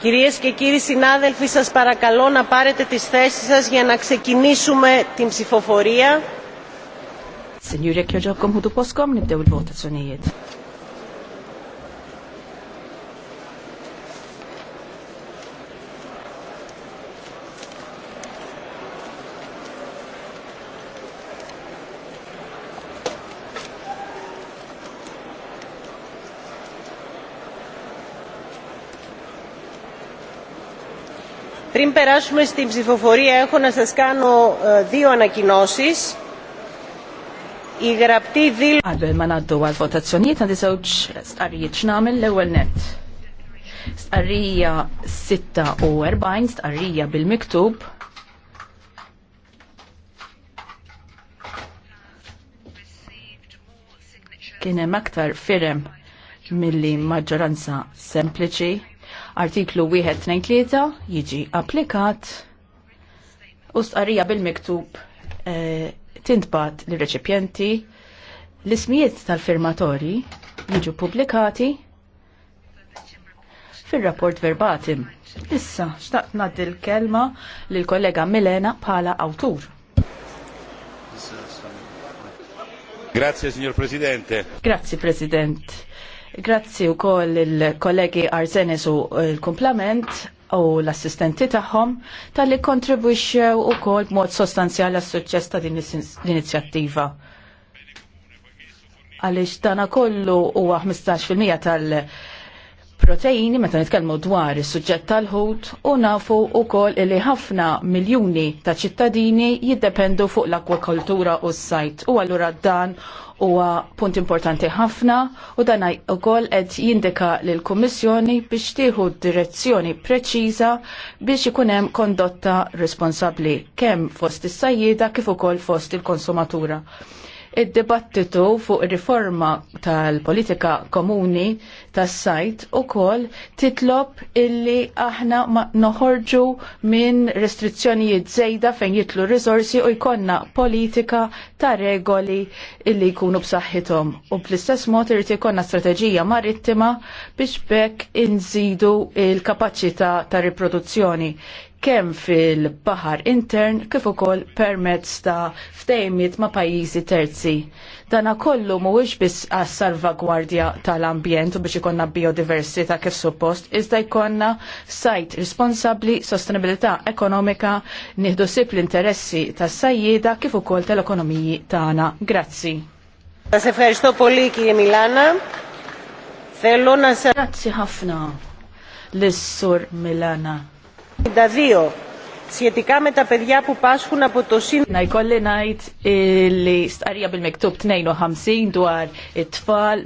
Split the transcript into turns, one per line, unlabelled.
Κυρίες και κύριοι συνάδελφοι, σας παρακαλώ να πάρετε τις θέσεις σας για να ξεκινήσουμε την ψηφοφορία.
Signore, Signori, kjoġobkom hudu poskom nibdew il-votazzjonijiet.
Πριν περάσουμε στην ψηφοφορία έχω να σας κάνω δύο ανακοινώσεις.
Η γραπτή δήλωση... Għadbel ma naddu għal votazzjoniet Stqarrija bil-miktub kien hemm aktar firem milli maġġoranza sempliċi artiklu 123 jiġi applikat u stqarrija bil-miktub e, tintbat l-reċipjenti l-ismijiet tal-firmatori jiġu publikati fil-rapport verbatim. Issa, xtaqt naddi l-kelma l-kollega Milena pala autur. Grazie, signor Presidente. Grazie, President. Grazzi u koll il-kollegi Arsenis u l-komplament u l-assistenti tagħhom tal-li kontribwixxew ukoll b'mod sostanzjali għas-suċċess ta' din l-inizjattiva. Għaliex dana kollu huwa 15% tal- proteini meta nitkellmu dwar is-suġġett tal-ħut u nafu wkoll li ħafna miljuni ta' ċittadini jiddependu fuq l-akwakultura u s-sajt u allura dan huwa punt importanti ħafna u dan ukoll qed jindika lil kummissjoni biex tieħu direzzjoni preċiża biex ikun hemm kondotta responsabbli kemm fost is-sajjieda kif ukoll fost il-konsumatura id debattitu fuq ir-riforma tal-politika komuni tas-sajt ukoll titlob illi aħna ma noħorġu minn restrizzjonijiet żejda fejn jitlu risorsi u jkollna politika ta' regoli illi jkunu b'saħħithom. U bl-istess mod irid ikollna strateġija marittima biex bekk inżidu il-kapaċità ta' riproduzzjoni kemm fil bahar intern kif ukoll permezz ta' ftejmiet ma' pajjiżi terzi. Dana kollu mhuwiex biss għas salvagwardja tal-ambjent u biex ikonna biodiversità kif suppost, iżda jkollna sajt responsabbli, sostenibilità ekonomika, nieħdu sib l-interessi tas-sajjieda kif ukoll tal-ekonomiji tagħna. Grazzi.
Grazzi ħafna l-Sur Milana σχετικά με τα παιδιά που πάσχουν από το σύνδεσμο. Να η jkolli najt li starija bil-miktub 52 dwar it-tfal